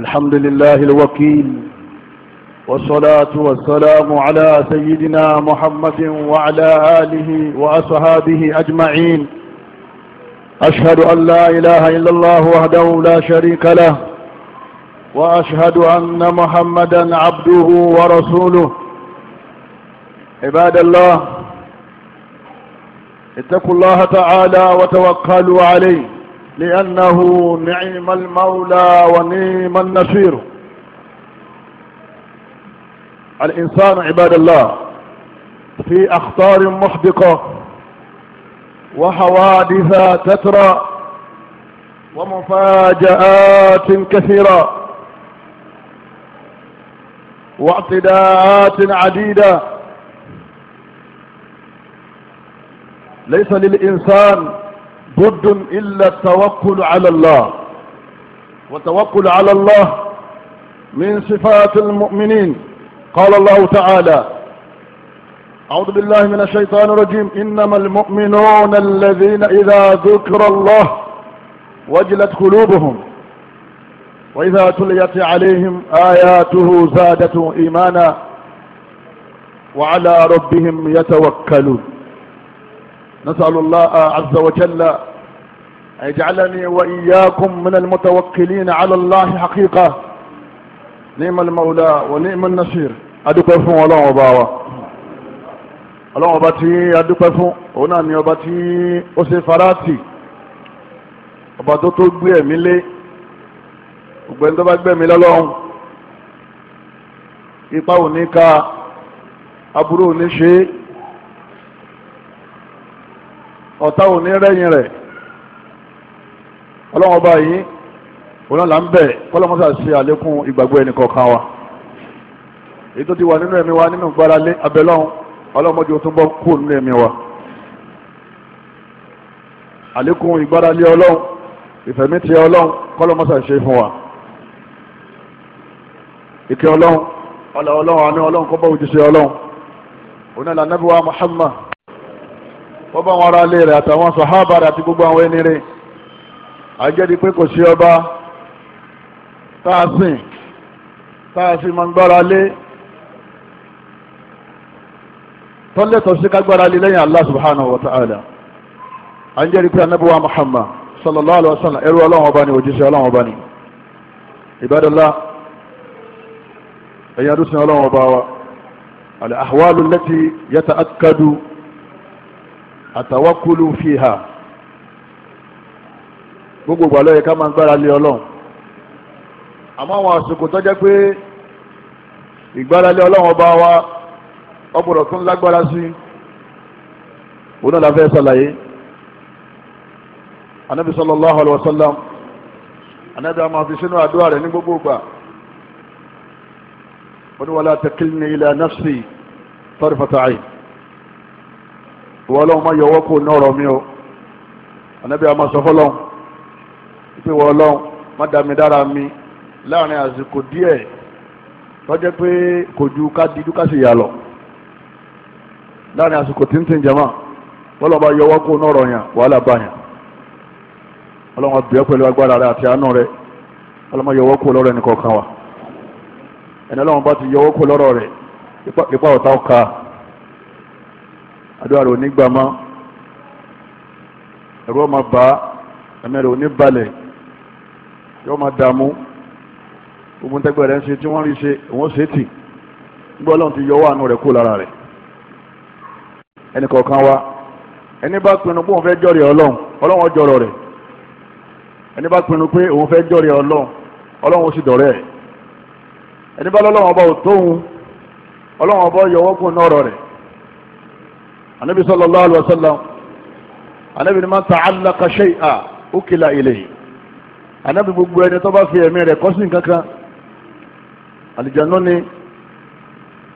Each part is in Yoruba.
الحمد لله الوكيل والصلاة والسلام على سيدنا محمد وعلى آله وأصحابه أجمعين أشهد أن لا إله إلا الله وحده لا شريك له وأشهد أن محمدا عبده ورسوله عباد الله اتقوا الله تعالى وتوكلوا عليه لأنه نعم المولى ونعم النصير الإنسان عباد الله في أخطار محدقة وحوادث تترى ومفاجآت كثيرة واعتداءات عديدة ليس للإنسان بد إلا التوكل على الله وتوكل على الله من صفات المؤمنين قال الله تعالى أعوذ بالله من الشيطان الرجيم إنما المؤمنون الذين إذا ذكر الله وجلت قلوبهم وإذا تليت عليهم آياته زادت إيمانا وعلى ربهم يتوكلون نسأل الله عز وجل اجعلني وإياكم من المتوكلين على الله حقيقة نعم المولى ونعم النصير adúpẹ́ fún ọlọ́run ọba wa ọlọ́run ọba tí adúpẹ́ fún òun náà ni ọba tí ó ṣe farati ọba tó tó gbé ẹ̀mí lé gbogbo ẹni tó bá gbẹ̀mí lọ́lọ́run ipa ò ní ka aburú ò ní ṣe é. ọ̀tá ò ní rẹ́yìn rẹ̀ ọlọ́run ọba yìí òun là ń bẹ̀ kọ́lọ́mọ́sà ṣe àlékún ìgbàgbọ́ ẹnì kọ̀ọ̀kan wa èyí tó ti wà nínú ẹ̀mí wa nínú ìgbáralé ọlọ́mọdé tó ń bọ́ kú nínú ẹ̀mí wa àlékún ìgbáralé kọ́lọ́mọ́sà ṣe fún wa ìkẹ́ òun náà wọ́n bá wọn ara lé rẹ̀ àtàwọn sàhábà rẹ̀ àti gbogbo àwọn ẹni rẹ̀ àjẹ́dí pé kò sí ọba tá a sìn tá a sì máa ń gbára lé tọ́lẹ̀tọ̀ sí kágbára lé lẹ́yìn Allah subhanahu wa ta'ala àjẹ́dí pé anábíwá Muhammad sallallahu alaihi wa sallam ẹrú ọlọ́run ọba ni òjíṣẹ́ ọlọ́run ọba ni ìbádọ́lá ẹ̀yìn adúsìn ọlọ́run ọba wa al-ahwalu allati yata'akkadu àtàwákúlù fìhà gbogbo ìgbàlọ́ yẹ ká máa gbára lé ọlọ́run àmọ́ àwọn àsìkò tó jẹ́ pé ìgbára lé ọlọ́run ọba wa ọgbọ̀dọ̀ tún lágbára sí òun náà la fẹ́ sàlàyé anabi sallallahu alayhi wa sallam anabi àmọ́ àfi àdúrà rẹ̀ ní gbogbo ìgbà wọ́n ní wàlá taqilni ila nafsi tarfata ayn. ìwọ ọlọ́run má yọwọ́ kó mi o ànábì àmọ́ sọ fọlọ́run pé ìwọ ọlọ́run má dá mi dára mi láàrin àsìkò díẹ̀ tọ́jẹ́ pé kò ju ká lọ láàrin àsìkò kó wàhálà bá agbára rẹ àti àánú rẹ kó ẹnì wa ẹni ti kó rẹ ipa àdúrà rẹ̀ ò ní gbà mọ́ ẹ̀rù ọmọ bá ẹ̀mí rẹ̀ ò ní balẹ̀ yóò máa dààmú gbogbo ntẹ́gbẹ́ rẹ̀ ń ṣe tí wọ́n rí ṣe òun ṣe tì nígbà ọlọ́run ti yọ owó àánú rẹ̀ kó lára rẹ̀ ẹnì kọ̀ọ̀kan wa ẹni bá pinnu pé òun fẹ́ jọ̀rẹ̀ ọlọ́run ọlọ́run ọjọ́rọ̀ rẹ̀ ẹni bá pinnu pé òun fẹ́ jọ̀rẹ̀ ọlọ́run ọlọ́run ó sì dọ̀rẹ́ ẹni bá lọ́lọ́run ọba ò tóun ọlọ́run ọba yọwọ́ kún náà ọ̀rọ̀ rẹ̀ anabi sallallahu alaihi wasallam anabi ni man ta'allaqa shay'an ukila ilayhi anabi gbogbo ẹni tó bá fi ẹ̀mí rẹ̀ kọ́sí nǹkan kan àlìjáná ni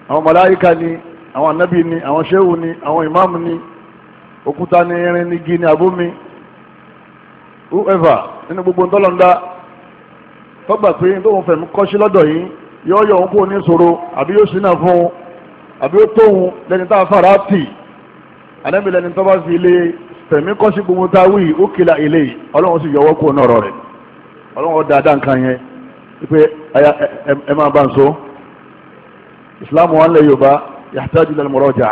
àwọn màláíkà ni àwọn anabi ni àwọn ṣéwù ni àwọn ìmáàmù ni òkúta ni irin ni igi ni abómi whoever nínú gbogbo ntọ́lọ́ndá tọ́gbà pé tóun fẹ̀mí kọ́sí lọ́dọ̀ yìí yóò yọ òun kó ní ìṣòro àbí yóò sínà fún un àbí yóò tóun lẹ́ni tá a fara tì í ànábì lẹni tó bá fi lé fẹ̀mí kọ́sí gbogbo tá a wí ó kila ilé yìí ọlọ́run sì yọwọ́ kó nọ̀rọ̀ rẹ̀ ọlọ́run dáadáa nǹkan yẹn pé ẹ máa bá ń so ìsìláàmù wa ń lẹ yorùbá yàtọ̀ jùlọ mọ̀rọ̀ jà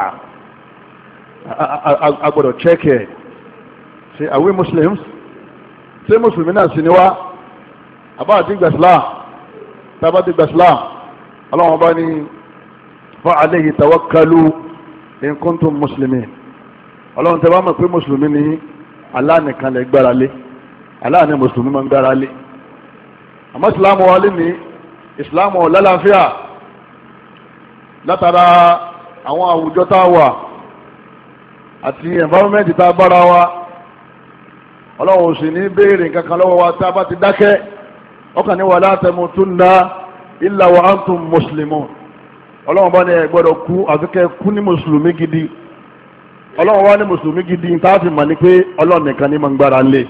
a gbọ́dọ̀ check ẹ̀ ṣe are we muslims ṣé mùsùlùmí náà sì ni wá àbá àti gbà islam tábà ti gbà islam ọlọ́run bá ní fa alayhi tawakkalu in kuntum muslimin ọlọ́run tẹ́ bá mọ̀ pé mùsùlùmí ni Allah nìkan lè gbára lé Allah ni mùsùlùmí máa ń gbára lé àmọ́ ìsìláàmù wa lé ní ìsìláàmù lálàáfíà látara àwọn àwùjọ tá a wà àti ẹ̀nfàmẹ́ntì tá a bára wa ọlọ́run ò sì ní béèrè nǹkan kan lọ́wọ́ wa tá a bá ti dákẹ́ ọkàn ní wala tamutunna illa wa antum muslimun ọlọ́run bá ní ẹ gbọ́dọ̀ kú àfikẹ́ kú ní mùsùlùmí gidi ọlọ́run wa ní mùsùlùmí gidi tá a fi mọ̀ ní pé ọlọ́run nìkan ní máa ń gbára lé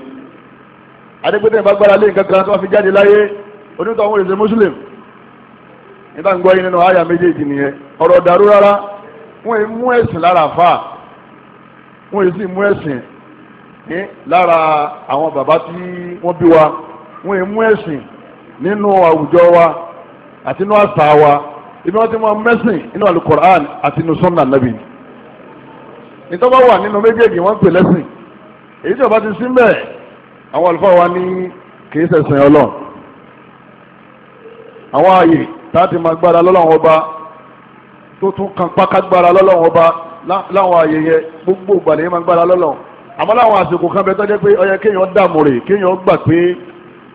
adigunte ìbá gbára lé nǹkan kan tó fi jáde láyé onítọ̀ àwọn èsè mùsùlùm nígbà ń gbọ́ yín nínú àyà méjèèjì nìyẹn ọ̀rọ̀ dàrú rárá wọ́n yìí mú ẹ̀sìn lára fà wọ́n yìí sì mú ẹ̀sìn ní lára àwọn bàbá tí wọ́n bí wa wọ́n yìí mú ẹ̀sìn nínú àwùjọ wa àti inú àṣà wa ibi wọ́n ti mú ẹ̀sìn inú sunna nítorí wọ́n wà nínú méjèèjì wọ́n ń pè lẹ́sìn èyí tí ọba ti sí mbẹ́ àwọn àlùfáà wa ní kìí ṣẹ̀sìn ọlọ́run àwọn ààyè táàtì máa gbára lọ́lọ́run ọba tó tún kan pákà gbára lọ́lọ́run ọba láwọn ààyè yẹn gbogbo ìgbàlẹ̀ yẹn máa gbára lọ́lọ́run àmọ́ láwọn àsìkò kan bẹ tọ́jú pé ó kéèyàn dààmú rè kéèyàn gbà pé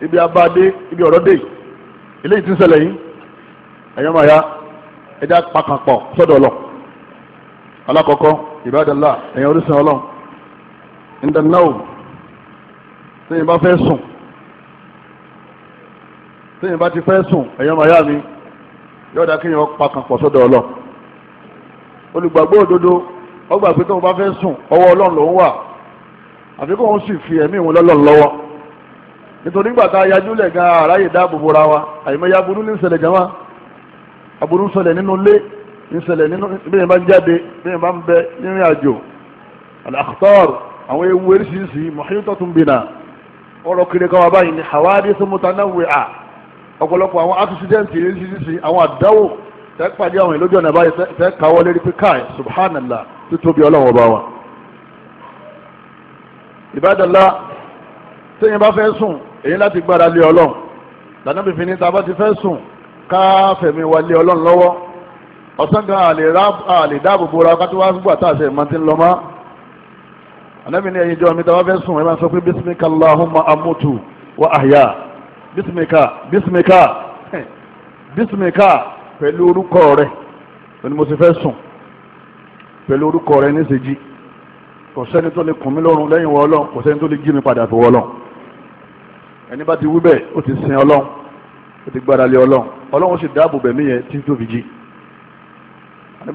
ibi abáde ibi ọ̀rọ̀ dé eléyìí ti ń ṣẹlẹ̀ yìí ẹ̀yọ́ máa ya ẹja pàkànpọ̀ sọ́dọ̀ ọlọ́run alákọ̀ọ́kọ́ ìbádàlá ẹ̀yàn orísun ọlọ́run ìdánáwó tẹ́yìn bá fẹ́ sùn tẹ́yìn bá ti fẹ́ sùn ẹ̀yàn màyá mi yọ̀ọ́dà kéèyàn pakàn pọ̀ sọ́dọ̀ ọlọ́ olùgbàgbọ́ òdodo ọgbà pé tóun bá fẹ́ sùn ọwọ́ ọlọ́run lòún wà àfi kóun sì fi ẹ̀mí ìwọ̀n lọ́lọ́run lọ́wọ́ nítorí nígbà tá a yajú lẹ̀ gan aráyè dáàbò bora wa àyè mẹ́yà aburú ní ṣẹlẹ̀ jama aburú ṣẹlẹ̀ nínú ilé ìṣẹ̀lẹ̀ nínú bí yẹn bá ń jáde bí yẹn bá ń bẹ nínú àjò al-akhtar àwọn ewu oríṣiríṣi muhitatun bina ọ̀rọ̀ kiri kan wà báyìí ni hawadith mutanawwi'a ọ̀pọ̀lọpọ̀ àwọn accident oríṣiríṣi àwọn àdáwò tẹ́ pàdé àwọn ìlójú ọ̀nà báyìí tẹ́ káwọ́ lérí pé káì subhanallah títóbi ọlọ́wọ́ bá wa. ìbádàlá tẹ́yìn bá fẹ́ sùn èyí láti gbára lé ọlọ́run lànà bìbí ni tá bá ti fẹ́ sùn ká fẹ̀mí wa lé ọlọ́run lọ́wọ́ ọ̀sán gan àlè dáàbò bora ọkà tó wá gbà tá a ṣe ìmọ̀ tí ń lọ mọ́ ànábì ní ẹ̀yin jọ mi táwọn fẹ́ sùn ẹ máa sọ pé bísímíkà Allahumma amútu wa àyà bísímíkà bísímíkà bísímíkà pẹ̀lú orúkọ rẹ ni mo ti fẹ́ sùn pẹ̀lú orúkọ rẹ ní ìṣèjì kò sẹ́ni tó lè kùn mí lọ́rùn lẹ́yìn wọ ọlọ́run kò sẹ́ni tó lè jí mi padà fún ọlọ́run ẹni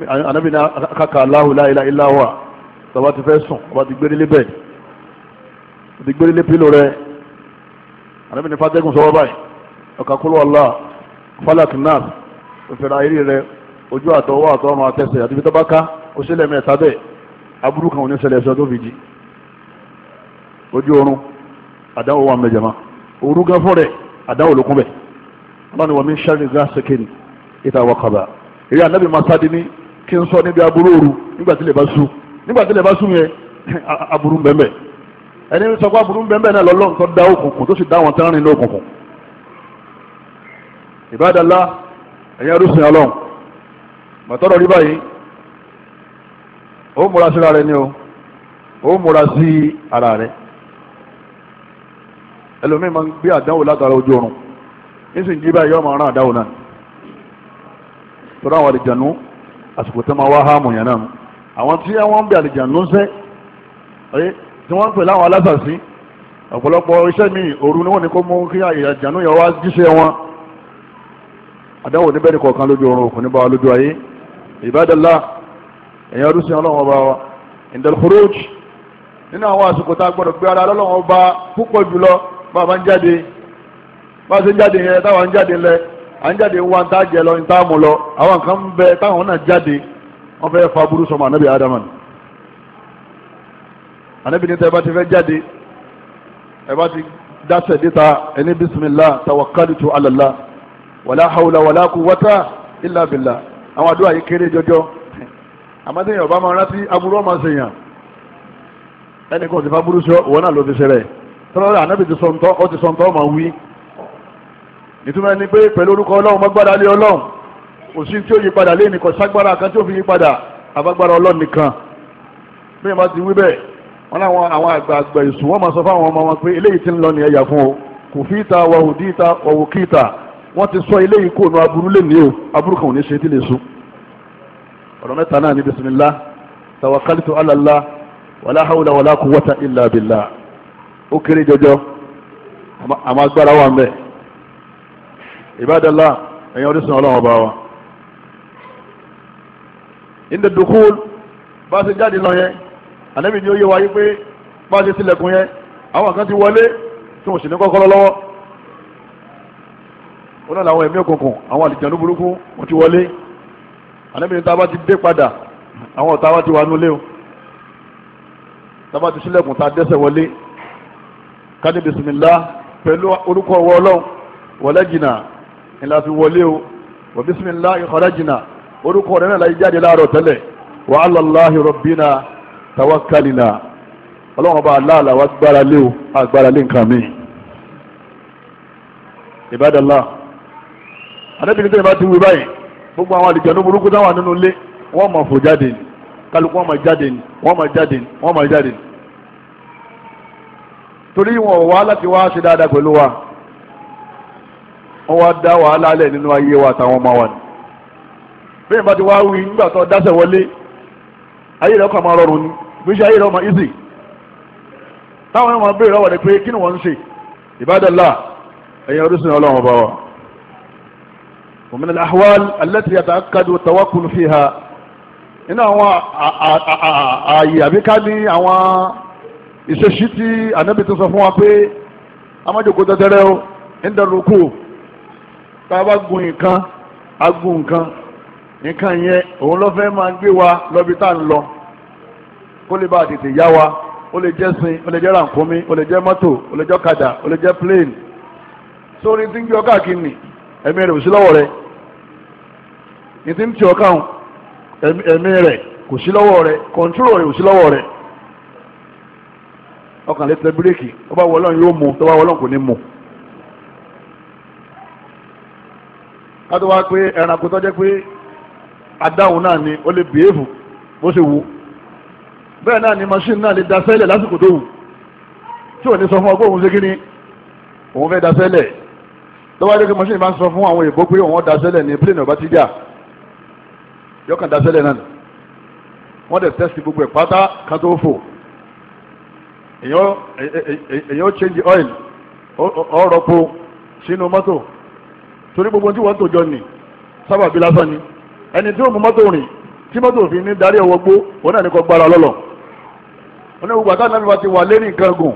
anabi ní kàkà Allahu la ilaha illa huwa tọba ti fẹ́ sùn ọba ti gbérelé bẹ́ẹ̀ ti gbérelé pílò rẹ anabi ní fatẹ́gùn sọ́wọ́ báyìí ọkà kúlọ̀ ọ̀la falak nas òfèrè ayé rẹ ojú àtọwọ́ àtọrùn àtẹsẹ̀ àti fi tọ́ba ká ó sílẹ̀ mẹ́ta bẹ́ẹ̀ aburú kan ò ní ṣẹlẹ̀ ẹ̀sọ́ tó fi jí ojú oorun àdáwò wà mẹjọ òru gan fún rẹ àdáwò lókun bẹ́ẹ̀ ọlọ́ni wọ́n mi ń ṣàrìngá sẹ́kẹ̀ni ìta wọ́kàbà eré anábì máa sáde kí n sọ níbi aburú òru nígbà tí lè bá sùn nígbà tí lè bá sùn yẹn aburú bẹ́ẹ̀ ẹni sọ pé aburú bẹ́ẹ̀ náà lọ́lọ́run tó dá òkùnkùn tó sì dá àwọn tẹ́rán nínú òkùnkùn ìbádàlá ẹ̀yìn arúsìn ọlọ́run mọ̀tọ́rọ̀ rí báyìí ó múra síra rẹ ni o ó múra sí ara rẹ ẹlòmíì máa ń gbé àdánwò látara ojú oorun nísìnyí báyìí yọ ọmọ ọ̀ràn àdánwò náà tọ́ra àwọn àlejànú àsìkò tó máa wá háàmù yẹn náà àwọn tí wọ́n ń bẹ àlìjànú sẹ́ tí wọ́n ń pè láwọn alásàsí ọ̀pọ̀lọpọ̀ iṣẹ́ mi òru ni wọ́n ní kó mú kí àlìjànú yẹn wá jíṣẹ́ wọn àdáwò níbẹ̀ ní kọ̀ọ̀kan lójú oorun òkú níbà lójú ayé ìbádọ́lá ẹ̀yìn ọdún sí ọlọ́run ọba wa indalhuruj nínú àwọn àsìkò tá a gbọ́dọ̀ gbé ara lọ́lọ́run ọba púpọ̀ jùlọ bá a bá ń jáde bá a ṣe ń jáde yẹn táwa ń jáde lẹ́ẹ̀ à ń jáde ń wá ń tá jẹ lọ ń tá mu lọ àwọn kan ń bẹ táwọn náà jáde wọ́n fẹ́ fa burú sọmọ anabi adama ni anabi ní tẹ́ ti fẹ́ jáde ẹ ti dáṣẹ díta ẹni bisimilá tawakalitu alala wàlá hawla wàlá kuwata illa billah àwọn àdúrà yìí kéré jọjọ àmọ́tẹ́yìn ọba máa rántí aburú ọmọ sèyàn ẹnì kan ti fa burú sọ òun náà ló fi ṣẹlẹ̀ tọ́lá anabi ti sọ ntọ́ ọ ti sọ ntọ́ ọmọ wí ìtumọ̀ ni pé pẹ̀lú orúkọ ọlọ́run mọ́gbára lé ọlọ́run kò sí tí ó yí padà lé nìkan ságbára kan tí ó fi yí padà àbágbára ọlọ́run nìkan bí wọ́n bá ti wí bẹ́ẹ̀ wọ́n láwọn àwọn àgbààgbà èṣù wọ́n máa sọ fáwọn ọmọ wọn pé eléyìí ti ń lọ ní ẹ̀yà fún o kò fi ìta wàhù dí ìta wàhù kí ìta wọ́n ti sọ eléyìí kò nu aburú lè ní o aburú kan ò ní ṣe tí lè sùn. ọ̀rọ̀ mẹ́ta náà ní bisimilá tawakalitu alala wàlá hawla wàlá kúwọ́ta illa billah ó kéré jọjọ àmọ́ agbára wà ń ìbádàlá ẹ̀yin orísun ọlọ́run ọba wa. ìdè dùkúl bá a ṣe jáde lọ yẹn ànábì ni ó yé wa yí pé bá a ṣe tilẹ̀kùn yẹn àwọn kan ti wọlé tí wọ́n sì ní kọ́kọ́rọ́ lọ́wọ́ ó náà làwọn ẹ̀mí òkùnkùn àwọn àlìjànú burúkú wọ́n ti wọlé ànábì ni tá a bá ti dé padà àwọn ọ̀tá wa ti wà nulẹ̀ o tá a bá ti sílẹ̀kùn tá a dẹ́sẹ̀ wọlé ká ní bisimilá pẹ̀lú orúkọ wọlọ́n wọlẹ́jìnà ńlá fi wọlé o wa bisimilahi kharajna orúkọ rẹ̀ náà la jáde láàárọ̀ tẹ́lẹ̀ wa alalahi rabbina tawakalina ọlọ́run ọba aláàlá wa gbára lé o agbára lé nǹkan mi. ibadallah anábìrin tẹ́lẹ̀ bá ti wí báyìí gbogbo àwọn àlìjẹ̀nu burúkú táwọn nínú ilé wọ́n mọ̀ fò jáde ni kálukú wọ́n mọ̀ jáde ni wọ́n mọ̀ jáde ni wọ́n mọ̀ jáde ni torí wọn wá láti wá ṣe dáadáa pẹ̀lú wa wọ́n wá dá wàhálà lẹ̀ nínú ayé wa àtàwọn ọmọ wa ni bẹ́ẹ̀ bá ti wá wí nígbà tó dáṣẹ̀ wọlé ayé rẹ̀ kàn máa rọrùn ni gbèsè ayé rẹ̀ ọmọ easy táwọn ọmọ béèrè ọwọ́ rẹ̀ pé kí ni wọ́n ń ṣe ìbádọ́lá ẹ̀yin orísun ọlọ́run ọba wa ومن الأحوال التي يتأكد التوكل فيها nínú àwọn ààyè àbíká ní àwọn ìṣesí tí ànábì tó sọ fún wa pé amájòkó tẹ́tẹ́rẹ́ ó ń dẹrù kú tá a bá gun nǹkan a gun nǹkan nǹkan yẹn òun ló fẹ́ máa gbé wa lọ́bi tá à ń lọ kó lè bá a tètè yá wa ó lè jẹ́ sin ó lè jẹ́ rànkúnmí ó lè jẹ́ mọ́tò ó lè jẹ́ ó lè jẹ́ plane sórí tí ń gbé ọ káàkiri nì ẹ̀mí rẹ̀ ò sí lọ́wọ́ rẹ̀ ní ti ń tì ọ ẹ̀mí rẹ̀ kò sí lọ́wọ́ rẹ̀ kọ̀ǹtúrò rẹ̀ ò sí lọ́wọ́ rẹ̀ ọkàn lè tẹ bíréèkì tó bá yóò mú tó bá kò kátó wá pé ẹranko tó jẹ́ pé adáhùn náà ni ó lè bìhéèfù bó ṣe wù bẹ́ẹ̀ náà ni machine náà lè dasẹ́lẹ̀ lásìkò tó wù tí ò ní sọ fún ọ òun ṣe kí ni òun fẹ́ dasẹ́lẹ̀ lọ́wọ́ adé kí machine máa ń sọ fún àwọn èèbó pé òun dasẹ́lẹ̀ ni plane ọba ti jà yọkàn dasẹ́lẹ̀ náà ni wọ́n dẹ̀ tẹ́sí gbogbo ẹ̀ pátá kan tó fò èèyàn ó change oil ọ̀rọ̀ po sínú mọ́tò torí gbogbo tí wọ́n tòjọ nì sábàbí lásán ni ẹni tí ó mú mọ́tò rìn tí mọ́tò fi ní darí ọwọ́ gbó òun náà ní kò gbára lọ́lọ́ onígbogbo àti anabi wa ti wà lé ní nǹkan gùn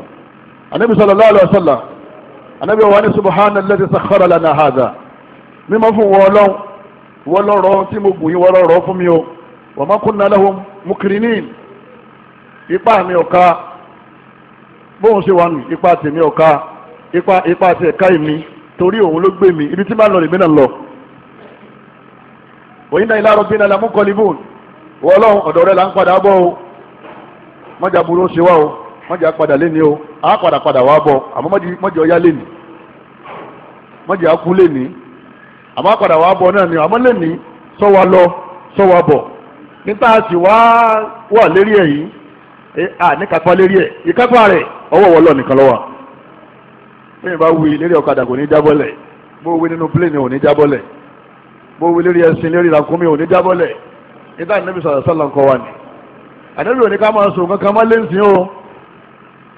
anabi sallallahu alaihi wasallam anabi wa ni subahana lati sakhara lana hadha mímọ́ fún wọn lọ́n wọ́n lọ́rọ̀ tí mo gùn yín wọ́n lọ́rọ̀ fún mi o wa ma kunna lahum mukirinin ipa mi ọ̀ka bóun ṣe wà nù ipa tèmi ọ̀ka ipa ipa tẹ̀ ká ìmí torí òun ló gbé mi ibi tí máa ń lọ lèmi náà lọ. òyìnbá ilé arọ bínú alamú kọlíbùn wọ ọlọ́run ọ̀dọ̀ rẹ là ń padà bọ̀ o mọ́jà burú ó ṣe wá o mọ́jà padà léni o àá padà padà wá bọ̀ àmọ́ mọ́jà ọyá léni mọ́jà kú léni àmọ́ àpàdà wá bọ̀ náà ni àmọ́ léni sọ wa lọ sọ wa bọ̀ níta sì wá wà lérí ẹ̀ yìí à ní kápá lérí ẹ̀ ìkápá rẹ̀ ọwọ́ wọlọ́ bẹ́ẹ̀ bá wí lérí ọ̀kadà kò ní jábọ́lẹ̀ bó wí nínú pílẹ̀nì ò ní jábọ́lẹ̀ bó wí lérí ẹṣin lérí ìlàkúnmí ò ní jábọ́lẹ̀ níta ànábì sọ̀rọ̀ sọ́lá ń wa ni ànábì ò ká máa sùn kankan má lẹ́sìn o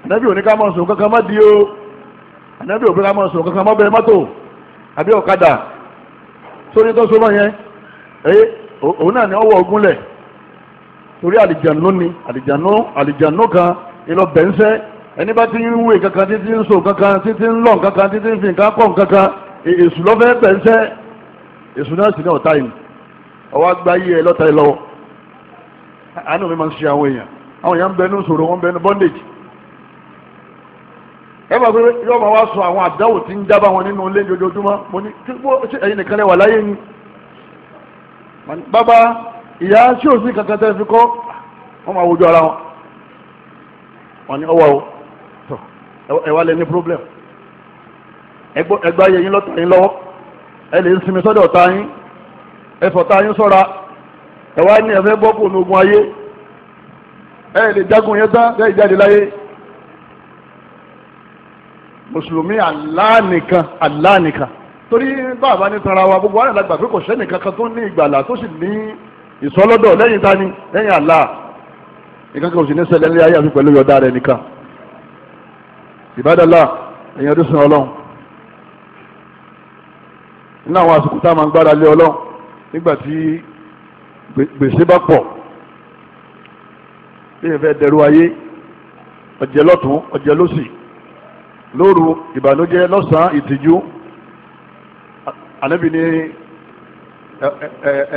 ànábì ò ní ká máa sùn kankan má di o ànábì ò ká máa sùn kankan má bẹ̀rẹ̀ mọ́tò àbí ọ̀kadà sórí tó sọ́mọ́ yẹn ẹ̀yẹ òun náà ni ọwọ́ ogun torí àlìjànú ni àlìjànú àlìjànú kan ìlọ bẹ́ńsẹ́ ẹni bá ti ń wé kankan títí ń so kankan títí ń lọ kankan títí ń fi nǹkan pọ̀ kankan èṣù lọ́fẹ́ bẹ̀ẹ́sẹ́ èṣù náà sì ní ọ̀tá yìí ọwọ́ gba yí ẹ lọ́tà yìí lọ́wọ́ àánú mi máa ń ṣe àwọn èèyàn àwọn èèyàn ń bẹ nínú wọn ń bẹ bondage ẹ bá pé yóò máa wá sọ àwọn àdáwò tí ń jábá wọn nínú ilé ojoojúmọ́ mo ní kí ṣe ẹ̀yin nìkan lẹ wà láyé ni bàbá ìyá ṣé òsì kankan tẹ́ fi kọ́ wọ́n máa wojú ara wọn wọn ni ọwọ́ o ẹ wá lẹ ní problem ẹgbẹ́ ayé yín lọ́tà yín lọ́wọ́ ẹ lè sinmi sọ́dọ̀ ọ̀tá yín ẹ fọ̀tá yín sọ́ra ẹ wá ní ẹ̀fẹ́ bọ́ kùnú ogun ayé ẹ lè jagun yẹn tán ẹ jáde láyé mùsùlùmí Allah nìkan Allah nìkan torí bàbá ní tanra wa gbogbo àwọn àgbà pé kò sẹ́nìkan kan tó ní ìgbàlà tó sì ní ìsọlọ́dọ̀ lẹ́yìn tani lẹ́yìn Allah nìkan kan ò sì ní ṣẹlẹ̀ ní ayé àti pẹ̀lú yọ̀dá rẹ̀ nìkan ìbádọ́lá èèyàn tó sin ọlọ́run nínú àwọn àsìkò tá a máa ń gbára lé ọlọ́run nígbà tí gbèsè bá pọ̀ bí èèyàn fẹ́ dẹrú ayé ọ̀jẹ̀ lọ́tún ọ̀jẹ̀ lọ́sì lóru ìbànújẹ́ lọ́sàn-án ìtìjú ànábì ni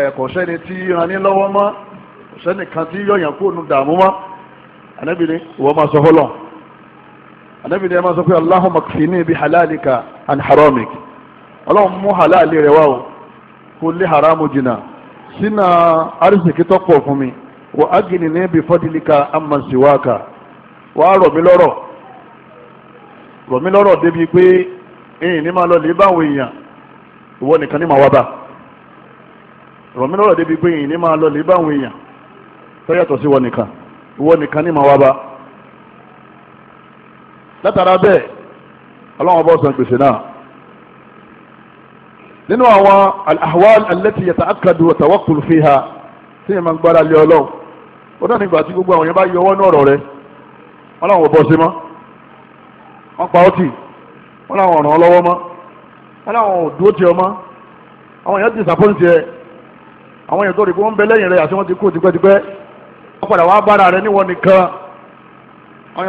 ẹ̀ẹ̀kọ̀ sẹ́ni tí ranni lọ́wọ́ mọ́ sẹ́nìkan tí yọ̀yàn kó nu dààmú mọ́ ànábì ni ìwọ máa sọ fọlọ́n anabi ni ẹ máa sọ pé allahumma kfini bi halalika an haramik ọlọ́run mú halali rẹ wá o kó lé haramu jìnnà sínú arísìkí tó pọ̀ fún mi wò á gini ní bí fọ́dílíkà amma siwaka wà á rọ̀ mí lọ́rọ̀ rọ̀ mí lọ́rọ̀ débi pé ẹ̀yìn ní máa lọ lè bá àwọn èèyàn ìwọ nìkan ní máa wá bá rọ̀ mí lọ́rọ̀ débi pé ẹ̀yìn ní máa lọ lè bá àwọn èèyàn tó sí ìwọ nìkan ìwọ nìkan ní máa wá bá. látara bẹ́ẹ̀ ọlọ́run bọ́ san náà nínú àwọn al-ahwal allati yata'akkadu wa tawakkul tí yẹn máa ń gbára lé ọlọ́wọ́ ó dáná tí gbogbo àwọn yẹn bá yọ ọwọ́ rẹ wọn làwọn bọ́ sí mọ́ wọn pa wọn làwọn mọ́ wọn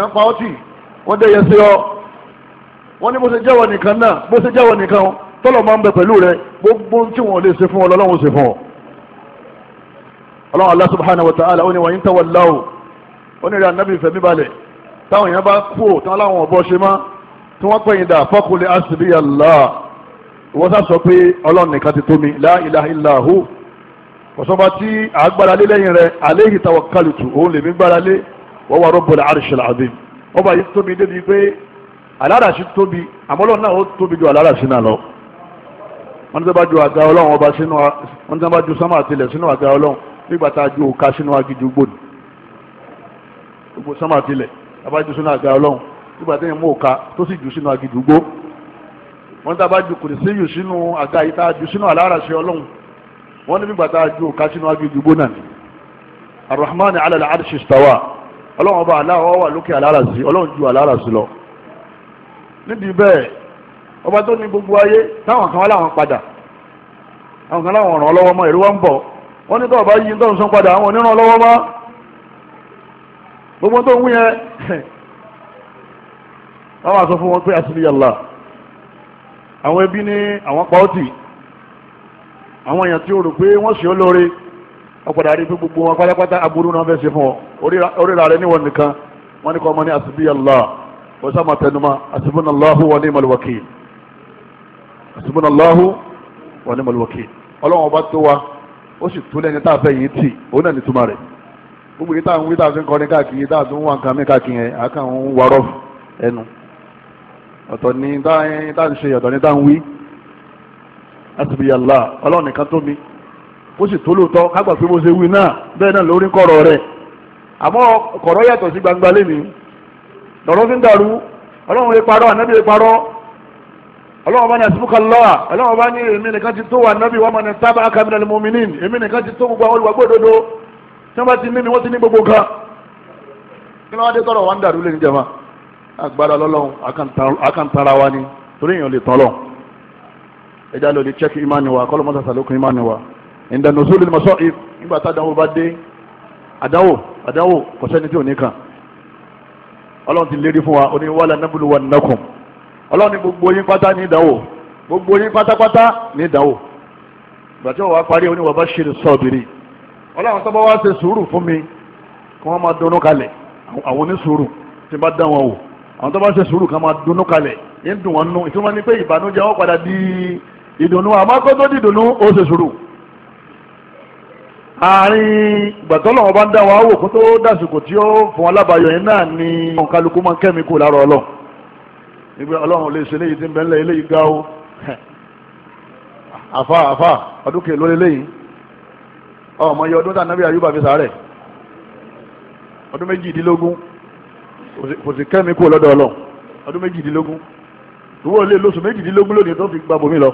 làwọn wọ́n dẹ̀ yẹ sí ọ wọ́n ní bó ṣe jẹ́wọ́ nìkan náà bó ṣe jẹ́wọ́ nìkan tọ́lọ̀ máa ń bẹ pẹ̀lú rẹ gbogbo tí wọ́n lè ṣe fún ọ lọ́wọ́ ṣe fún ọ. ọlọ́run Allah subhanahu wa ta'ala ó ní wọ́n yín tẹ́wọ́ láwù ó ní rẹ anábì fẹ̀mí balẹ̀ táwọn èèyàn bá kú ò tán láwọn ọ̀bọ ṣe má tí wọ́n pẹ̀yìn dà fọ́kùnrin àṣìbí wọ́n sá sọ pé ọlọ́run nìkan ti tó mi la ilaha ọba yìí tóbi débi pé aláràṣí tóbi àmọ́lọ́ náà ó tóbi ju aláràṣí náà lọ wọ́n ti bá ju àga ọlọ́run ọba sínú wọ́n ti bá ju sámà àtìlẹ̀ sínú àga ọlọ́run nígbà tá a ju òka sínú agidi gbòdì gbogbo sámà àtìlẹ̀ abájú sínú àga ọlọ́run nígbà téèyàn mú òka tó sì jù sínú agidi gbó wọ́n ti bá ju kùrìsíyù sínú àga yìí tá a ju sínú aláràṣí ọlọ́run wọ́n ní nígbà tá a ju òka sínú agidi gbó náà ni arrahman ala al ọlọ́run ọba aláwọ̀ wà lókè alárasí ọlọ́run ju alárasí lọ nídìí bẹ́ẹ̀ ọba tó ní gbogbo ayé táwọn kan wá láwọn padà àwọn kan láwọn ràn ọ́ lọ́wọ́ mọ́ èrè wá ń bọ̀ wọ́n ní tọ́ọ̀bá yìí tó ń san padà àwọn oníràn lọ́wọ́ mọ́ gbogbo tó ń wí yẹn wọ́n máa fún wọn pé àsìlíyàlá àwọn ẹbí ní àwọn pa àwọn èèyàn tí ó rò pé wọ́n ṣe ó lóore ọ̀pọ̀dà rí pé gbogbo wọn pátápátá aburú náà fẹ́ ṣe fún ọ oríra rẹ níwọ̀n nìkan wọ́n ní kọ́ ọmọ ní asibi allah osama tẹnuma asibuna allahu wa ni'mal wakil asibuna allahu wa ni'mal wakil ọlọ́wọ́n ọba tó wa ó sì tún lẹ́ni tá a fẹ́ yìí tì òun náà ní túmọ̀ rẹ̀ gbogbo yìí tá à ń wí tá a fi ń kọrin káàkiri tá a tún wà nǹkan mi káàkiri yẹn àá kàn ń warọ́ ẹnu ọ̀tọ̀ ni tá à ń ṣe ọ̀tọ̀ ni tá à ń wí asibi allah ọlọ́run nìkan tó mi ó sì tó lóòótọ́ kágbà pé bó ṣe wí náà bẹ́ẹ̀ náà lórí kọ̀rọ̀ rẹ̀ àmọ́ kọ̀rọ̀ yàtọ̀ sí gbangba lẹ́mi lọ́rọ́ fi ń dàrú ọlọ́run ìparọ́ ànábì ìparọ́ ọlọ́run bá ní àsìkò lọ́wà ọlọ́run bá ní èmi nìkan ti tó wà nábì wọ́n máa ní sábà akamina lè mọ́mí nín èmi nìkan ti tó gbogbo àwọn olùwàgbọ́ òdodo tí wọ́n bá ti ní ni wọ́n ti ní gbogbo kan kí ló wá dé tọrọ wa ń dàrú lé check imani wa kọ́lọ́mọ́sàsà lókun imani ìdá nùsùlù mọ̀sọ́ if nígbà tá àdánwò bá dé àdánwò àdánwò kò sẹ́ni tí ò ní kàn ọlọ́run ti lérí fún wa ó ní wàhálà nábùlù wà nàkùn ọlọ́run ní gbogbo yín pátá ní ìdánwò gbogbo yín pátápátá ní ìdánwò ìgbà tí wọ́n wá parí oníwà bá ṣe sọ́ọ̀bìrì ọlọ́run tó bá wá ṣe sùúrù fún mi kí wọ́n máa dunnú kalẹ̀ àwọn onísùúrù tí bá dán wọn wò àwọn tó bá ṣe sùúrù kan máa dunnú kalẹ̀ yín dùn wọn nú ìtumọ̀ ni pé àárín gbàtọ́lọ̀ wọn bá ń dá wa wò kó tó dàsìkò tí ó fún alábàáyọ yẹn náà ni kálukú máa ń kẹ́mi kù lára ọlọ́run ìgbé ọlọ́run lè ṣe léyìí tí ń bẹ ńlẹ̀ eléyìí ga o àfa àfa ọdún kè lórí léyìí ọmọ yẹ ọdún tá nàbí Ayúbà fi sàárẹ̀ ọdún méjìdínlógún kò sì kẹ́mi kù lọ́dọ̀ ọlọ́run ọdún méjìdínlógún ìwọ lè lóṣù méjìdínlógún lónìí tó fi gbàbọ̀mí lọ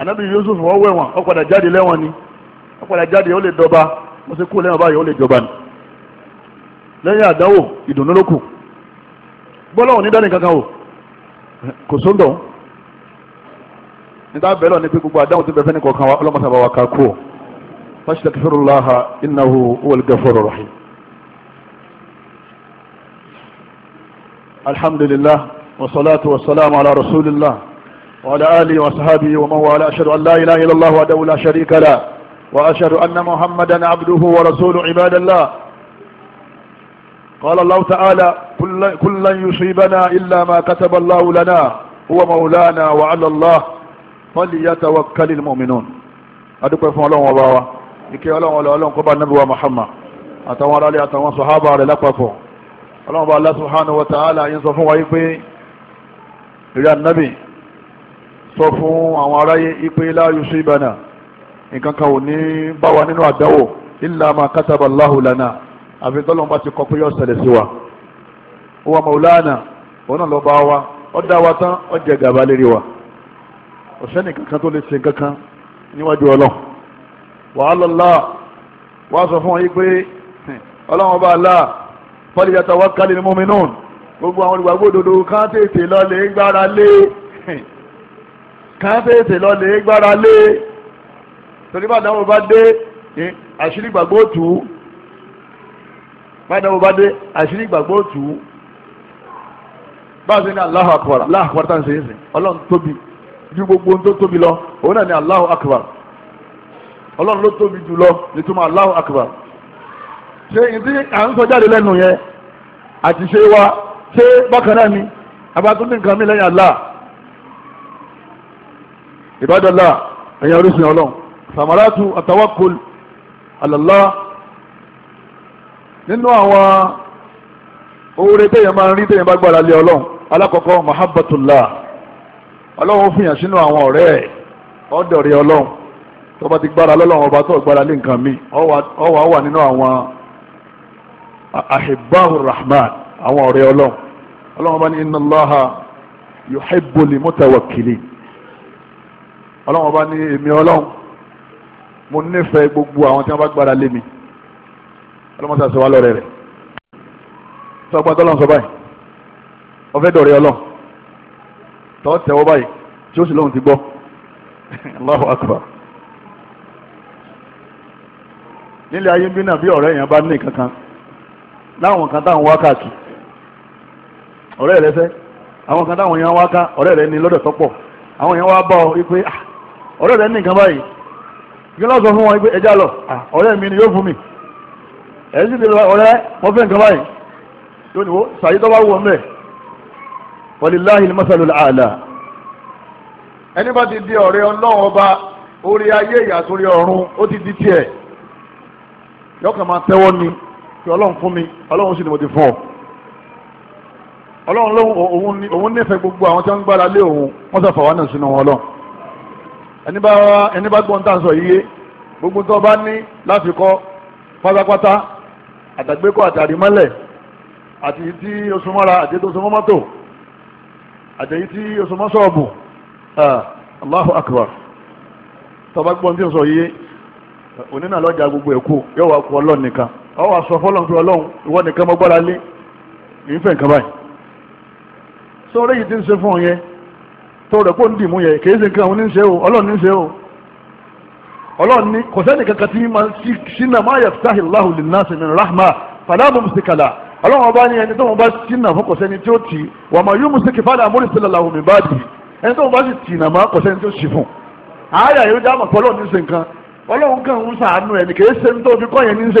ànábì Yusuf wọ́n wẹ̀wọ̀n ó padà jáde lẹ́wọ̀n ni ọ̀pọ̀lọpọ̀ jáde ó lè dọba mo ṣe kú lẹ́yìn ọba yìí ó lè jọba ni lẹ́yìn àdánwò ìdùnnú ló kù bọ́lọ́hùn ní dání kankan o kò sóńdọ̀ níta bẹ́ẹ̀ lọ ní pé gbogbo àdáhùn tó bẹ fẹ́ ní kọ̀ọ̀kan wa ọlọ́mọṣà bá wa ká kú ọ fastaghfirullaha innahu huwal ghafurur rahim. alhamdulillah wasalaatu wasalaamu ala rasulillah wa ala alihi wa sahabihi wa man wala an la ilaha illallah wa adahu la sharika lah. وأشهد أن محمدا عبده ورسوله عباد الله قال الله تعالى كل كلا يصيبنا إلا ما كتب الله لنا هو مولانا وعلى الله فليتوكل المؤمنون adúpẹ́ fún ọlọ́run ọba wa ike ọlọ́run ọlọ́run ọlọ́run kó bá nábì wa Muhammad àtàwọn aráàlú àtàwọn sọ̀hábà rẹ̀ lápapọ̀ ọlọ́run ọba Allah subhanahu wa ta'ala yín sọ fún wa yí pé ìrìn ànábì sọ fún àwọn aráyé yí pé la yusibana nǹkan kan ò ní bá wa nínú àdánwò illa ma kataba Allahu lana àfi tọ́lọ́ bá ti kọ pé yóò ṣẹlẹ̀ sí wa ó wà maulana òun náà lọ bá wa ó dá wa tán ó jẹ gàba lérí wa ọ̀sẹ́ni kankan tó lè ṣe kankan níwájú ọlọ́run wàhálà ńlá wàá sọ fún ọ yìí pé ọlọ́run ọba àlá falyatawakkalil mu'minun gbogbo àwọn olùgbàgbọ́ òdodo kán tètè lọ lè gbára lé kán tètè lọ lè gbára lé torí bá dáhùn bá dé àṣírí gbàgbọ́ tù ú bá dáhùn bá dé àṣírí gbàgbọ́ tù ú báwo ṣe ní Allahu Akbar Allahu Akbar tá à ń ṣe é sìn ọlọ́run tóbi ju gbogbo ohun tó tóbi lọ òun náà ní Allahu Akbar ọlọ́run ló tóbi jù lọ nítumọ̀ Allahu Akbar ṣe ìdí à ń sọ jáde lẹ́nu yẹn àti ṣe wa ṣe bákan náà ni abatúndì nǹkan mi lẹ́yìn Allah ìbádọ́lá ẹ̀yìn orísun ọlọ́run samaratu التوكل على الله àwọn oore téèyàn máa ń rí téèyàn bá gbára lé الله alákọ̀ọ́kọ́ mahabbatullah ọlọ́run fìyàn sínú àwọn ọ̀rẹ́ ẹ̀ ọ̀dọ̀rẹ́ ọlọ́run tó bá ti gbára lọ́lọ́run ọba tó gbára lé nǹkan mi ọwà wà nínú àwọn ahibbahu rahman àwọn ọ̀rẹ́ ọlọ́run ọlọ́run bá ní inna allaha yuhibbul mutawakkilin ọlọ́run bá ní èmi ọlọ́run mo nífẹ̀ẹ́ gbogbo àwọn tí wọ́n bá gbára lé mi ọlọ́mọṣà sọ wá lọ́rẹ̀ rẹ̀ sọgbọ́n tọ́lọ́ sọ báyìí ọfẹ́ dọ̀rẹ́ ọlọ́ tọ́ tẹ̀wọ́ báyìí tí ó sì lóhun ti gbọ́ Allahu Akbar nílé ayé ń bí náà bí ọ̀rẹ́ yẹn bá ní kankan láwọn kan táwọn wá káàkiri ọ̀rẹ́ rẹ fẹ́ àwọn kan táwọn yẹn wá ká ọ̀rẹ́ rẹ ní lọ́dọ̀ tọ́pọ̀ àwọn yẹn wá bá ọ ah, ọ̀rẹ́ rẹ ní nǹkan báyìí kí ló sọ fún wọn pé ẹja lọ ọ̀rẹ́ mi ni yóò fún mi ẹ̀ sì ti lọ ọ̀rẹ́ mo fẹ́ nǹkan báyìí yóò ní wo sàyí tó bá wù ọ́ mẹ́ wàlíláhi masalu àlà ẹni bá ti di ọ̀rẹ́ ọlọ́run ọba orí ayé ìyàsórí ọ̀run ó ti di tiẹ̀ yọkàn máa tẹ́wọ́ ni kí ọlọ́run fún mi ọlọ́run sì ni mo ti fún ọlọ́run lóhun òun nífẹ̀ẹ́ gbogbo àwọn tí wọ́n gbára lé òun wọ́n sàfà wà náà sínú ọlọ́run ẹni bá gbọ́n tá à ń sọ yíyé gbogbo tó bá ní láfikọ́ pátápátá àtàgbékọ́ àtàrímọ́lẹ̀ àti tí osùnmọ́ra àti tó sọmọ́ mọ́tò àtẹ̀yí tí osùnmọ́ sọ́ọ̀bù Allahu akbar tó bá gbọ́n tí ń sọ yíyé onínà lọ́jà gbogbo ẹ̀kú yóò wá kú ọlọ́run nìkan ọ wà sọ fọlọ́n pé ọlọ́run ìwọ nìkan mọ́ gbára lé ìfẹ́ nǹkan báyìí sọ yìí ti ń ṣe fún ọ yẹn tó rẹ̀ pò ń dìmú yẹ kì í ṣe nǹkan òun ní ṣe o ọlọ́run ní ṣe o ọlọ́run ní kò sẹ́ni kankan tí ma ṣínà má yaftahi Allahu linnasi min rahma fala mumsika lah ọlọ́run ọba ní ẹni tó wọn bá ṣínà fún kò sẹ́ni tí ó tì wa ma yumsik fala mursila lahu min ba'dihi ẹni tó wọn bá sì tì nà má kò sẹ́ni tí ó ṣì fún ààyè yóò dá àmọ̀pọ̀ ọlọ́run ní ṣe nǹkan ọlọ́run kàn ń sàánú ẹni kì ṣe tó fi kọ́ yẹn ní ṣe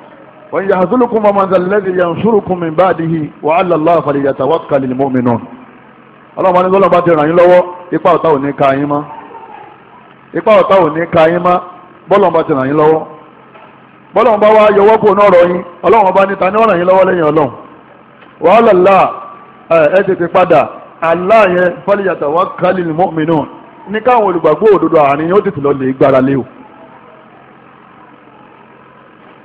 wọ́n yà hazulukum wa manzalẹ́dì yẹn surukun mi bá dihi wa alàlá falẹ̀yàtà wa kàlí mu'minun. ọlọ́run wọn ni sọ́lọ́ bá ti ràn yín lọ́wọ́ ipa ọ̀tá ò ní ka yín mọ́ ipa ọ̀tá ò ní ka yín mọ́ bọ́lọ̀ bá ti ràn yín lọ́wọ́ bọ́lọ̀ bá wá yọwọ́ kó náà rọ yín ọlọ́run bá ní ni ó ràn yín lọ́wọ́ lẹ́yìn ọlọ́run wa alàlá ẹ tètè padà àlá yẹn falẹ̀yàtà wa kàlí mu'minun ní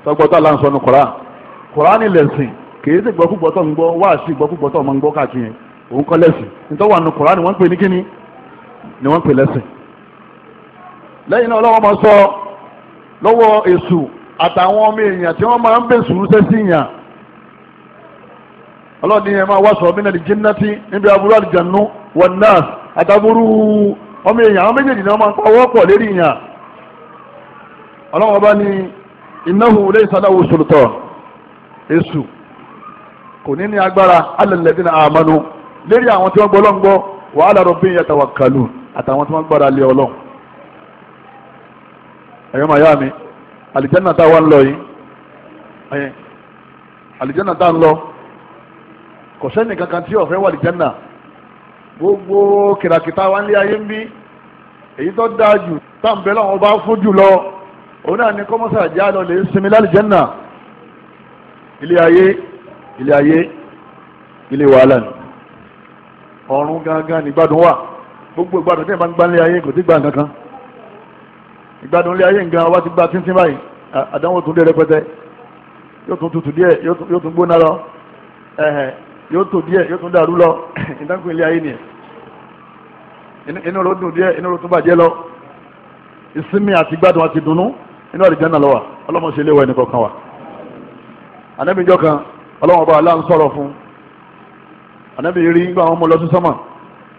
tọgbọ́tọ̀ là ń sọ ni lẹ́sìn kìí ṣe gbọ́kúgbọ́tọ̀ ń gbọ́ wáàsí gbọ́kúgbọ́tọ̀ máa ń gbọ́ káàkiri yẹn òun kọ́ lẹ́sìn nítorí wà ní ni wọ́n ń pè ní kíni ni wọ́n ń pè lẹ́sìn. lẹ́yìn náà ọlọ́wọ́ máa sọ lọ́wọ́ èṣù àtàwọn ọmọ èèyàn tí wọ́n máa ń bẹ̀ sùúrù sẹ́sì yàn ọlọ́ọ̀ni ẹ̀ máa wá sọ̀rọ̀ mí náà di jinnati níbi aburú àlìjànú wọn náà àtàbúrú ọmọ èèyàn àwọn méjèèjì ni wọ́n máa ń pa ọwọ́ pọ̀ lérí yàn ọlọ́wọ́ bá ní innahu laysa lahu sultan èṣù kò ní ní agbára ala alladhina amanu lérí àwọn tí wọ́n gbọ́ lọ́ngbọ́ wa ala rabbihim yatawakkalun àtàwọn tí wọ́n gbára lé ọlọ́run ẹ̀yọ́ màá yá mi àlìjánà tá a wá ń lọ yìí àlìjánà tá a ń lọ kò sẹ́ni kankan tí ọ̀fẹ́ wà àlìjánà gbogbo kìràkìtà wa ń lé ayé ń bí èyí tó dáa jù tá à ń bẹ lọ́wọ́ bá fún jù lọ òun náà ni kọ́mọ́sà já lọ lè sinmi lálìjẹ́nà ilé ayé ilé ayé ilé wàhálà ni ọ̀run gangan ni ìgbádùn wà gbogbo ìgbádùn tí ìbá ń gbá ilé ayé kò ti gbà kankan ìgbádùn ilé ayé nǹkan wá ti gba tíntín báyìí àdánwò tún dé rẹpẹtẹ yóò tún tutù díẹ̀ yóò tún gbóná lọ yóò tò díẹ̀ yóò tún dàrú lọ ìdánkù ilé ayé nìyẹn inú ló dùn díẹ̀ inú ló tún bàjẹ́ lọ ìsinmi àti gbádùn àti dùnnú. inú àlìjáná lọ́wọ́ ọlọ́mọ sí ilé wa ẹnìkan kan wa ànábìjọ kan ọlọ́mọ ọba aláà ń sọ̀rọ̀ fún ànábì rí ń gbà wọn mú lọ sí sọ́mà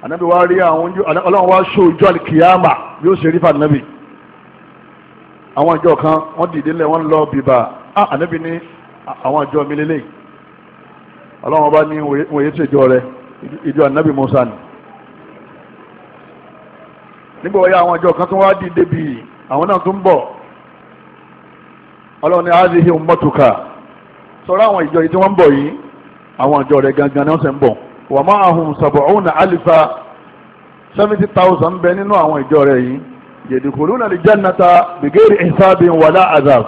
ànábì wá rí àwọn ọlọ́mọ wá ṣó ìjọ àlìkìyàmà bí ṣe rí àwọn ìjọ kan wọ́n dìde lẹ̀ wọ́n lọ bìbà ah, á anabi ní àwọn ìjọ mi lélẹ̀ ọlọ́mọ ọba ní wòye tí ìjọ rẹ ìjọ Musa ni nígbà wọ́n yá àwọn ìjọ kan tó wá dìde bíi àwọn náà tó ń bọ̀ ọlọ́run ní azihi ummatuka sọ̀rọ̀ àwọn ìjọ yìí tí wọ́n ń bọ̀ yìí àwọn ìjọ rẹ̀ gangan ni wọ́n sì ń bọ̀ wa ma'ahum sab'una alifa seventy thousand bẹ nínú àwọn ìjọ rẹ̀ yìí yadkhuluna al-jannata bighayri hisabin wala azab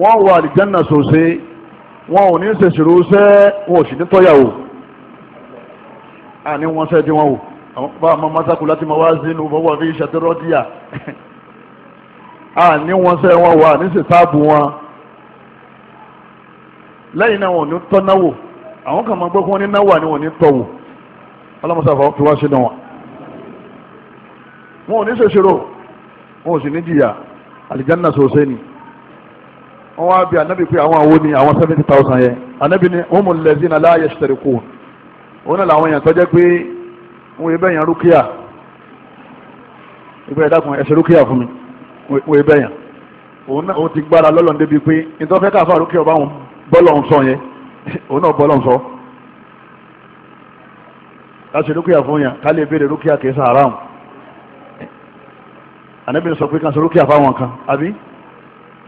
wọ́n wà àlìjánà sòsè wọn ò ní ṣèṣirò sẹ́ wọn ò sì ní tọ́yàwó àní wọn sẹ́ tí wọ́n wò àwọn máa máa láti máa wá sínú fọwọ́ fi ṣàtẹ́rọ́ díyà a ní wọn sẹ́ wọn wà ní sèpáàbù wọn lẹ́yìn náà wọn ò ní tọ́ náwó àwọn kan máa gbọ́ kí wọ́n ní náwó àní wọn ò ní tọ́wò ọlọ́mọsàfà fi wá sínú wọn wọn ò ní ṣèṣirò wọn ò sì ní jìyà àlìjánná sòsẹ́ ni wọ́n wá bí anabi pé àwọn àwọn ni àwọn seventy thousand yẹn anabi ni wọ́n mú lẹ́sìn náà láàyè ṣẹ̀rẹ̀ kù òun náà làwọn yẹn tọ́jẹ́ pé wọ́n yẹ bẹ́ẹ̀ yẹn rúkìá ìgbà ẹ̀dá kan ẹ̀ṣẹ̀ rúkìá fún mi wọ́n ẹ bẹ́yàn òun náà ó ti gbára lọ́lọ́n débi pé nítorí fẹ́ káfá àrùkẹ́ ọba òun bọ́lọ̀ ń sọ yẹn òun náà bọ́lọ̀ ń sọ. láti rúkìá fún yàn ká lè béèrè rúkìá kìí sàn aráàmù ànábì sọ pé kan sọ rúkìá fáwọn kan àbí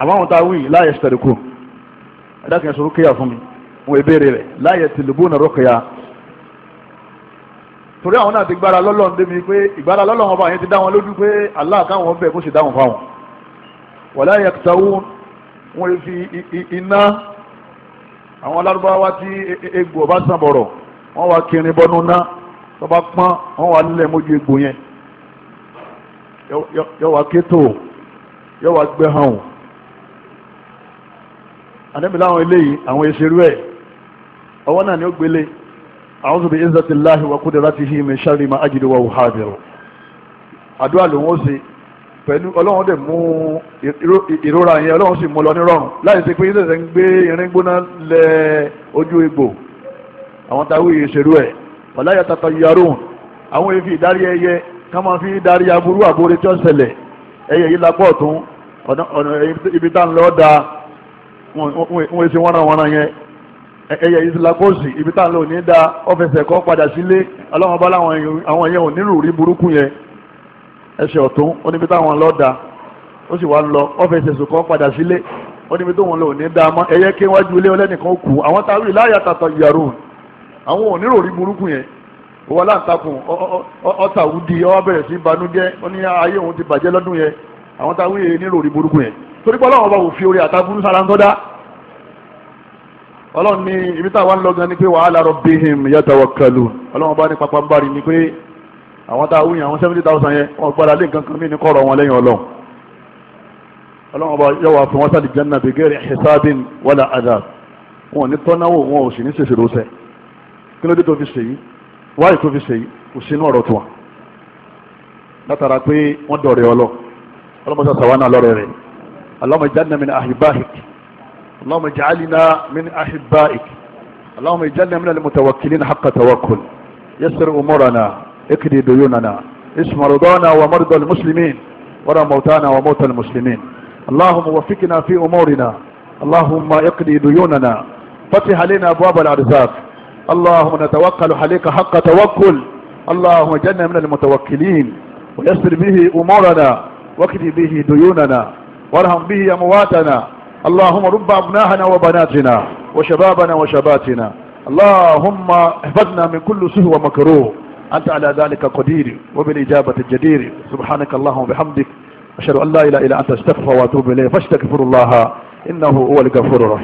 àbáwọn tá a wí láyé sítẹ̀rì kù ẹ̀dá kìí sọ rúkìá fún mi òun ẹ rẹ̀ láyé tìlúbù náà rúkìá torí àwọn náà ti gbára lọ́lọ́run débi pé ìgbára lọ́lọ́run ọba yẹn ti dá wọn lójú pé Allah káwọn bẹ̀ kó sì dá wọn fáwọn wàlá yàtàwù wọn fi iná àwọn alárúbáwá tí e, e, egbò ọba sàn bọ̀rọ̀ wọn wá kiri bọ́nú ná tọba pọ́n wọn wá lẹ̀ mójú egbò yẹn yọ wá kétò yọ àdébìlà àwọn eléyìí àwọn èsèrú ẹ ọwọ́ náà ni ó gbélé a'udhu bi izzatillahi wa qudratihi min sharri ma ajidu wa uhadiru àdúrà lòun ó ṣe pẹ̀lú ọlọ́run dẹ̀ mú ìrora yẹn ọlọ́run sì mú lọ nírọ̀rùn láì ṣe pé ṣẹ̀ṣẹ̀ ń gbé irin gbóná lẹ ojú egbò àwọn táwọn èyí ṣerú ẹ̀ wàláyà tata yarun àwọn èyí fi ìdarí ẹyẹ ká máa fi darí aburú àbórí tí ó ṣẹlẹ̀ ẹyẹ yìí lápọ̀ tún ọ̀nà ibi tá à ń lọ da wọn èsì wọ́nra wọ́nra yẹn ẹyẹ islamosi ibi tá à lò ní da ọfẹsẹ kọ padà sílé ọlọ́wọ́n bá láwọn àwọn yẹn ò nílùú rí burúkú yẹn ẹsẹ̀ ọ̀tún ó níbi táwọn lọ da ó sì wá lọ sùn kọ padà sílé ó níbi tóun lò ní da mọ́ ẹyẹ ké wájú ilé ọlẹ́nìkan kù àwọn táwí láyà tàtà yàrá àwọn ò nílùú rí burúkú yẹn wọ́n láǹtakùn ọ̀tàwùdí ó bẹ̀rẹ̀ sí banújẹ́ ó ní ayé òun ti bàjẹ́ lọ́dún yẹn àwọn burúkú yẹn torí pé ọlọ́wọ́n bá wò fi ọlọ́run ní ibi tá a wá ń lọ gan ni pé wàhálà rabbihim yatawakkalun ọlọ́run bá ní pápá ń bá rí ni pé àwọn tá a wúyàn àwọn seventy thousand yẹn wọn gbára lé nǹkan kan mí ní kọ́rọ̀ wọn lẹ́yìn ọlọ́run ọlọ́run bá yọ wà fún wọn sálì janna bi ghairi hisabin wala adab wọn ní tọ́náwó wọn ò sì ní ṣèṣe lóṣẹ kí ló dé tó fi ṣèyí wáyé tó fi ṣèyí kò sí inú ọ̀rọ̀ tiwọn látara pé wọ́n dọ̀rẹ́ ọlọ́ ọlọ́mọ sàwọn náà lọ́rẹ́ rẹ̀ ọlọ́mọ ìjáde mi ní àhìbáhìkì اللهم اجعلنا من أحبائك اللهم اجعلنا من المتوكلين حق توكل يسر أمورنا اكدي ديوننا اسم مرضانا ومرضى المسلمين ورى موتانا وموتى المسلمين اللهم وفقنا في أمورنا اللهم اقضي ديوننا فتح علينا أبواب الأرزاق اللهم نتوكل عليك حق توكل اللهم اجعلنا من المتوكلين ويسر به أمورنا واكد به ديوننا وارحم به أمواتنا اللهم رب أبناءنا وبناتنا وشبابنا وشباتنا اللهم احفظنا من كل سهو ومكروه أنت على ذلك قدير وبالإجابة الجدير سبحانك اللهم وبحمدك أشهد أن لا إله إلا أنت أستغفر وأتوب إليه فاستغفر الله إنه هو الغفور الرحيم